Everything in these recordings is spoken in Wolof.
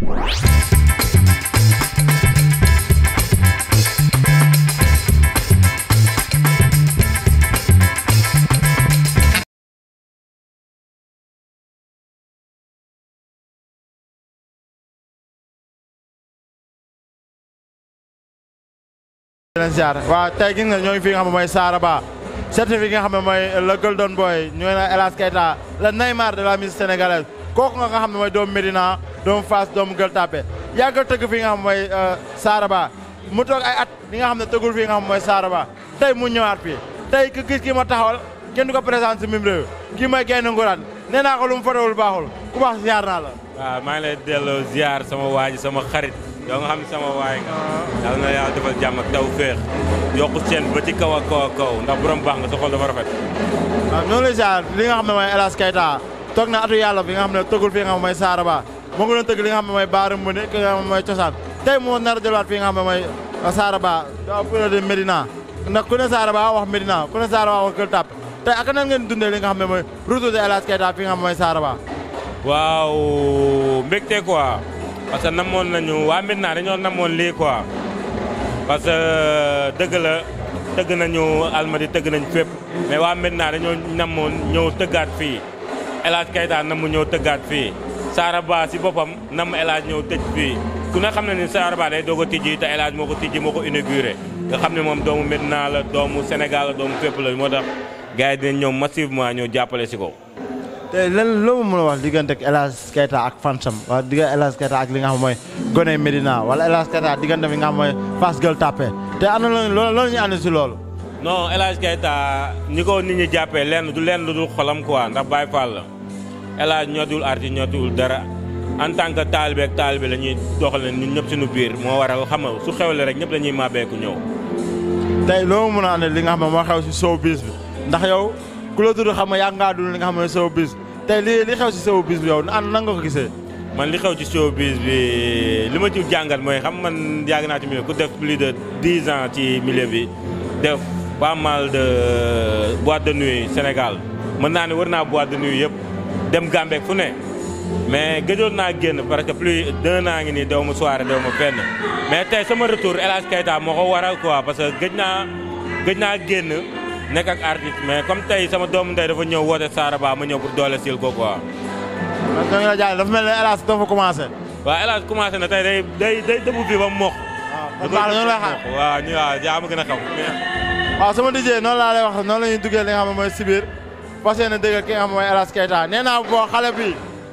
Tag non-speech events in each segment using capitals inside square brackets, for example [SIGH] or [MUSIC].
waaw tey gis nga ñooñu fi nga xam ne mooy Saraba certifié nga xam ne mooy le Golden Boy ñu ngi naan El Neymar de la musique sénégalaise kooku nga xam ne mooy doomu Médina doomu Fass doomu Gueule Tapée yàgg a tëgg fi nga xam mooy euh, Saraba mu toog ay at li nga xam ne tëggul fi nga xam mooy saara Saraba tey mu ñëwaat fii tey ku gis kii ma taxawal kenn du ko présenté si mim réew kii mooy Gaynde Ngourane nee naa ko lu mu fotowul baaxul ku baax ziar naa la waaw maa ngi lay delloo ziar sama waa ji sama xarit yoo nga xam sama waay nga ah. yàlla na yàlla defal jàmm ak taw seen ba ci kaw a kaw a kaw ndax borom baax nga sa toog na atu yàlla bi nga xam ne tëggul fi nga xam ne mooy Saaraba mu ngi doon tëgg li nga xam ne mooy Baara Mbune ki nga xam ne mooy cosaan tey moo nar a delluwaat fi nga xam ne mooy Saaraba fële de Médina ndax ku ne Saaraba wax Médina ku ne Saaraba wax Gueule Tapée tey ak nan ngeen li nga xam ne mooy retour de El fi nga xam ne mooy Saaraba waaw mbégte quoi parce que namoon nañu waa Médina dañoo namoon lii quoi dëgg la tëgg nañu Almadies waa Médina dañoo namoon ñëw tëggaat fii El Hadj Keita na mu ñëw tëggaat fii Saaraba si boppam na mu El Hadj tëj fii ku ne xam ne ni Saaraba day doog a tijji te El Hadj moo ko tijji moo ko inauguré nga xam ne moom doomu Medina la doomu Sénégal la doomu fépp la moo tax gars yi dinañ ñëw massivement ñëw jàppale si ko. te lan loo mën a wax diggante ak El Hadj Keita ak fansam wala diggante El Hadj Keita ak li nga xam mooy gone Medina wala El diggante bi nga xam mooy Fass te am loolu du lenn lu dul El Hadj ñootiwul arti ñootiwul dara en tant que taalibe ak taalibe la ñuy doxalee ñun ñëpp suñu biir moo waral xam nga su xewle rek ñëpp la ñuy màbbeeku ñëw. tey loo mun a li nga xam ne moo xew si showbiz bi ndax yow ku la tudd xam nga yàgg li nga xam ne showbiz tey li li xew si showbiz bi yow an nan nga ko gisee. man li xew ci showbiz bi li ma ci jàngat mooy xam man yàgg naa ci milieu ku def plus de dix ans bi def pas mal de boîte de nuit Sénégal mën naa ne war naa boîte de nuit yëpp. dem Gambek fu ne mais gëjoon naa génn parce que plus d'un ngi nii dew ma soirée dew ma fenn mais tey sama retour El Hadj moo ko waral quoi parce que gëj naa gëj naa génn nekk ak artiste mais comme tey sama doomu ndey dafa ñëw woote ba ma ñëw pour doole sil ko quoi. man da nga dafa mel ne El Hadj dafa commencé. waaw El Hadj na tey day day day dëbbu fii ba mu mokk. waaw ah, kon noonu la xam waaw ñu waaw yaa ma gën a xam. waaw sama DJ noonu laa lay wax xam ne mooy si passé na dëgg ki nga xam mooy Alas Keita nee boo xale bi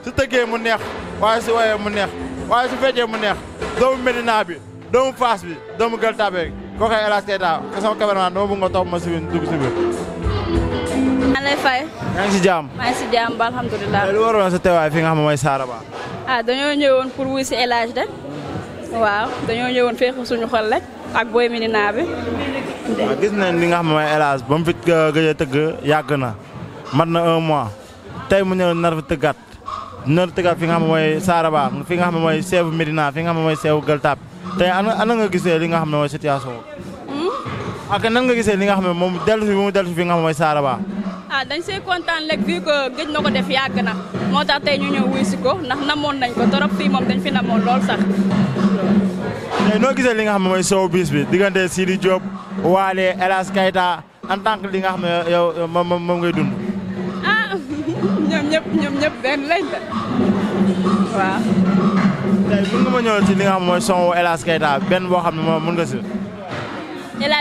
su tëggee mu neex waaye su woyee mu neex waaye su feccee mu neex doomu Medina bi doomu Fass bi doomu Gueule Tapée koo koy Alas Keita ko sama cameraman dama bëgg ma si dugg si biir. fay. maa ngi si jàmm. maa ngi si jàmm ba alhamdulilah. lu waroon sa teewaay fi nga xam mooy Saraba. ah dañoo ñëwoon pour wuy si xol rek ak booy Medina bi. waaw gis nañ li nga xam mooy El Hadj euh, tëgg yàgg na. mat na mois tey mu ñëw nar fa tëggaat nar tëggaat fi nga xam ne mooy ba fi nga xam ne mooy seebu Médina fi nga xam ne mooy seebu Gueule Tapée tey ana ana nga gisee li nga xam ne mooy situation hmm? ak nan nga gisee li nga xam ne moom dellu si bi mu dellu si fi nga xam saara mooy Saraba ah dañ kontaan rek vu que gëj na ko def moo tax tey ñu ñëw wuy si ko ndax namoon nañ ko torop fii moom dañ fi namoon lool sax tey noo gisee li nga xam ne mooy sow bis bi diggante Sidi Diop Waale El Hadj en tant que li nga xam ne yow moom ngay dund ñoom ñëpp ñoom ñëpp benn lañ la waaw. tey mën ci li nga xam mooy son El Hadj Keita benn boo xam ne moom mën nga si. El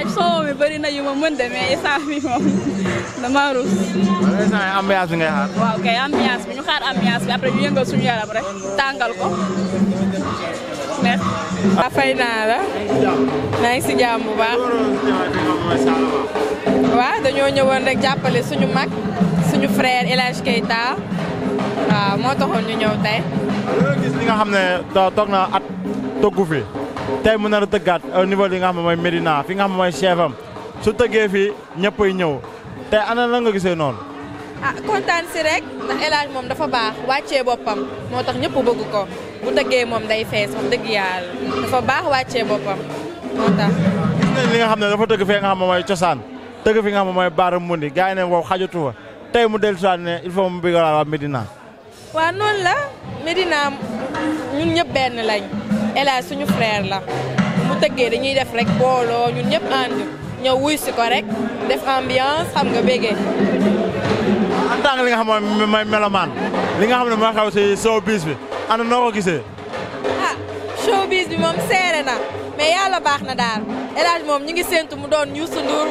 bëri na yu ma mën [LAUGHS] yi ambiance bi ngay xaar. waaw ñu xaar ambiance bi après ñu yëngal suñu yaram rek tàngal ko. Ah, neex. waaw si jàmm bu baax. waaw dañoo ñëwoon rek jàppale suñu mag. frère El Hadj Keita waaw moo taxoon ñu ñëw tey. dañoo gis li nga xam ne toog na at tëggu fi tey mu nar a tëggaat au niveau li nga xam ne mooy Medina fi nga xam ne mooy chef am su tëggee fii ñëppay ñëw tey ana la nga gisee noonu. ah kontaan si rek ndax El moom dafa baax wàccee boppam moo tax ñëpp bëgg ko bu tëggee moom day fees wax dëgg dafa baax wàccee boppam moo tax. gis nañ li nga xam ne dafa tëgg fee nga xam ne mooy cosaan tëgg fi nga xam ne mooy baara mundi gars yi tey mu dellu siwaat ne il faut mu bégalaat waa Médina. waaw noonu la Médina ñun ñëpp benn lañ El suñu frère la mu tëggee dañuy def rek booloo ñun ñëpp ànd ñëw wuy si ko def ambiance xam nga bégee. en li nga xam ne mooy melomaan li nga xam ne mooy xew si showbiz bi ana noo ko gisee. ah showbiz bi moom seere na mais baax na daal El moom ñu ngi séntu mu doon Youssou Ndour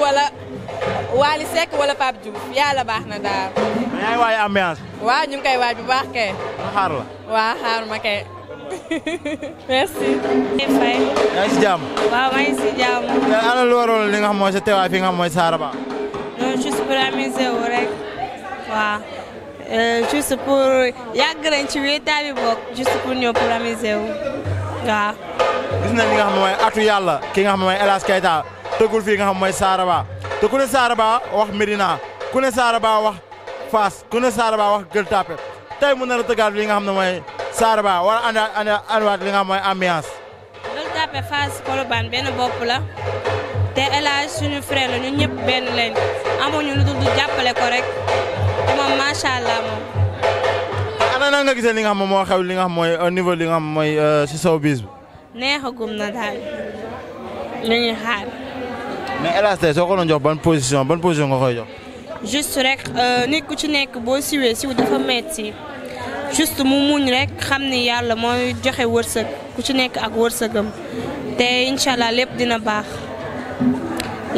Wally Seck wala Pape Diouf yàlla baax na daal. mais yaa ngi waaj ambiance. waaw ñu bu baax kay. ma xaar la. waaw xaar ma kay. [LAUGHS] merci. yaa si jàmm. waaw maa ngi si jàmm. mais ana lu waroon li nga xam mooy sa teewaay fi nga xam mooy Saaraba. non juste pour amuser wu rek. waaw. Euh, juste pour yàgg ci wéetaay bi bokk juste pour ñëw pour amuser wu waaw. gis nañ li nga xam mooy atu yàlla ki nga xam mooy El Hadj Keita tëggul fii nga xam mooy Saaraba. te ku ne Saaraba wax Médina ku ne Saaraba wax Fass ku ne Saaraba wax Gueule Tapée tey mu nar a tëggaat li nga xam ne mooy Saaraba war a ànd ànd àndaat li nga xam mooy ambiance. Gueule Tapée Fass Colobane benn bopp la te El suñu frère la ñun ñëpp benn amuñu lu dul du jàppale ko rek te moom macha ana nan nga li nga xam xew li nga mooy euh, au li nga mooy euh, si sow bis bi. neexagum na xaar. mais El Hadj tey soo ko doon jox ban position ban position nga koy jox. juste rek euh, nit ku ci nekk boo siwee siw dafa metti juste mu muñ rek xam ni yàlla mooy joxe wërsëg ku ci nekk ak wërsëgam te incha allah lépp dina baax.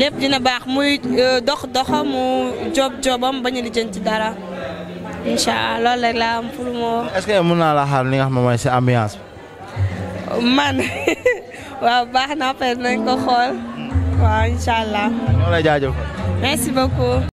lépp dina baax muy euh, dox doxam mu job jobam bañ a lijjanti dara incha allah loolu laa am pour moo. est-ce que mën naa la xaar li nga xam ne mooy si ambiance. man [LAUGHS] waaw baax na peut nañ xool. waaw incha allah. ñoo lay jaajëfal. merci beaucoup.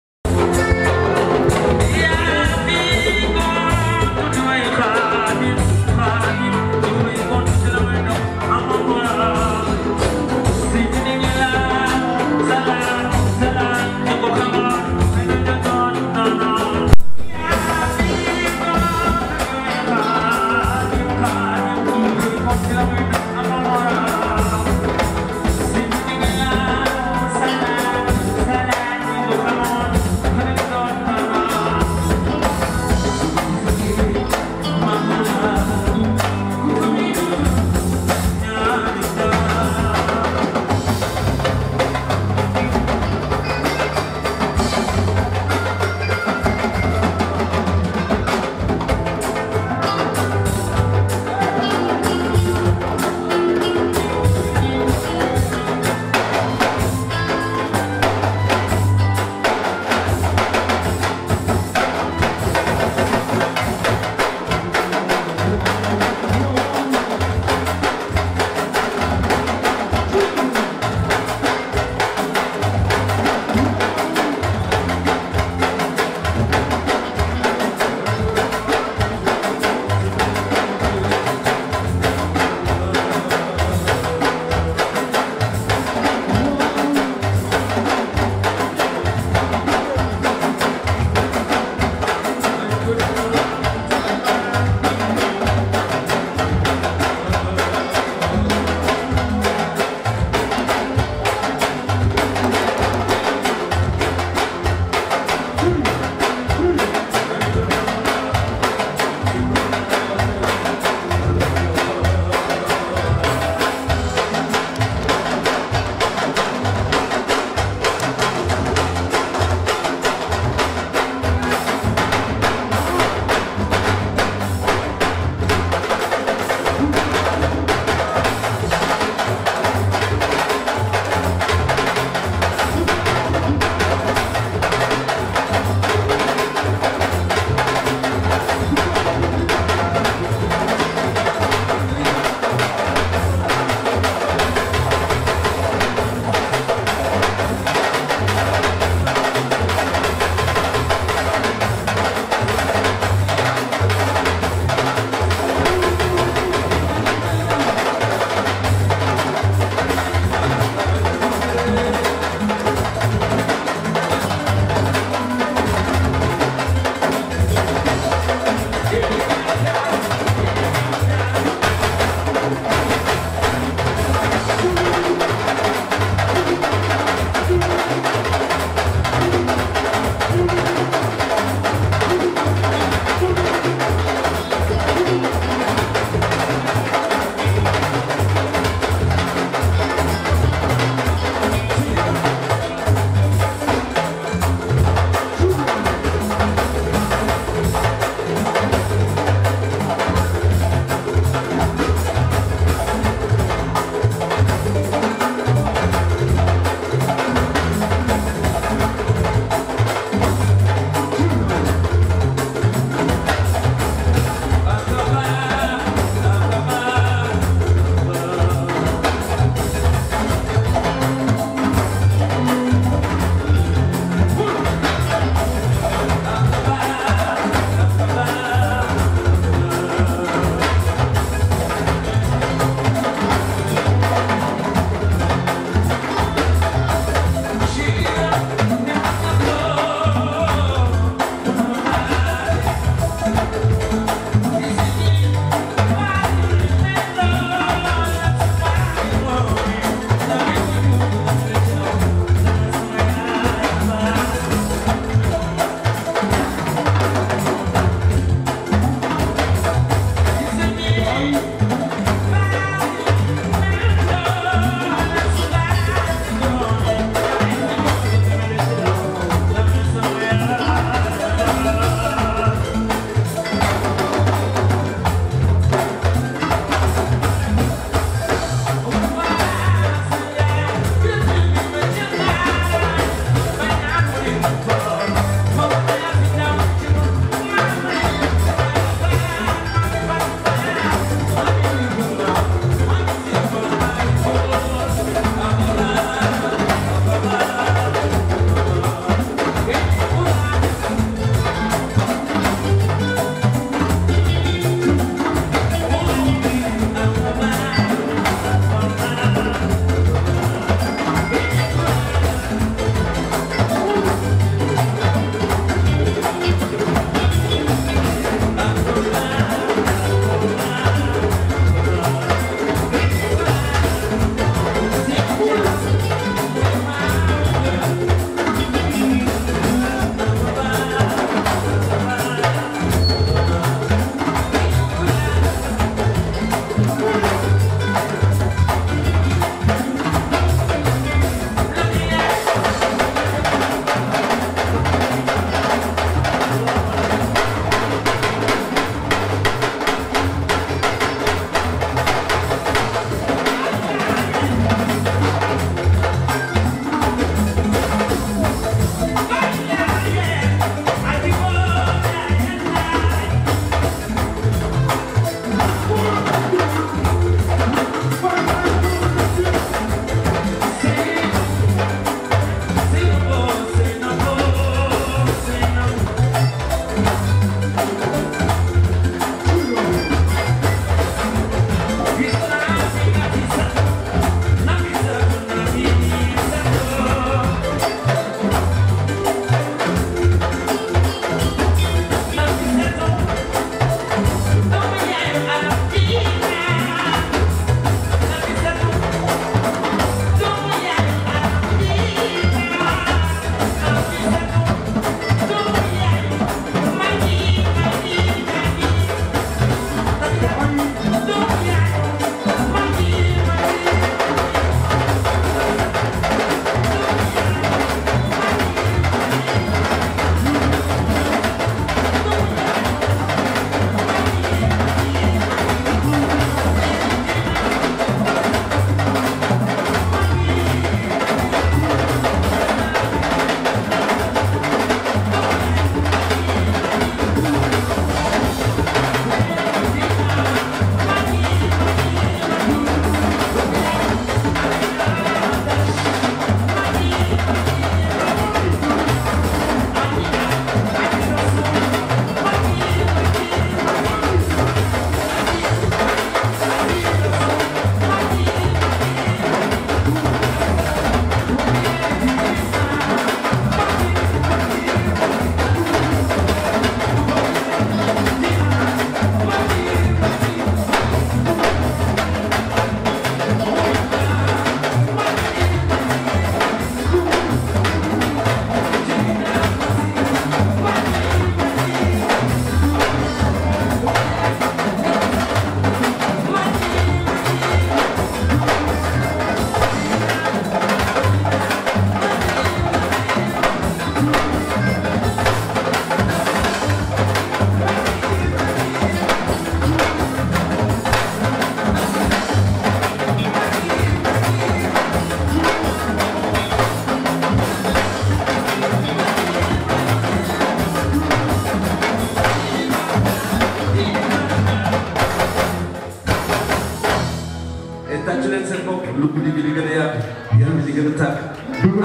bu tàkk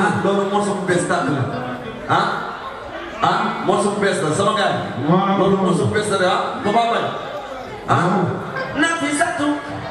ah loolu morceau bu bees tàkk la ah ah morceau bu bees la sama gars yi loolu morceau bu bees la de ah Papa Mbaye ah Nafisatu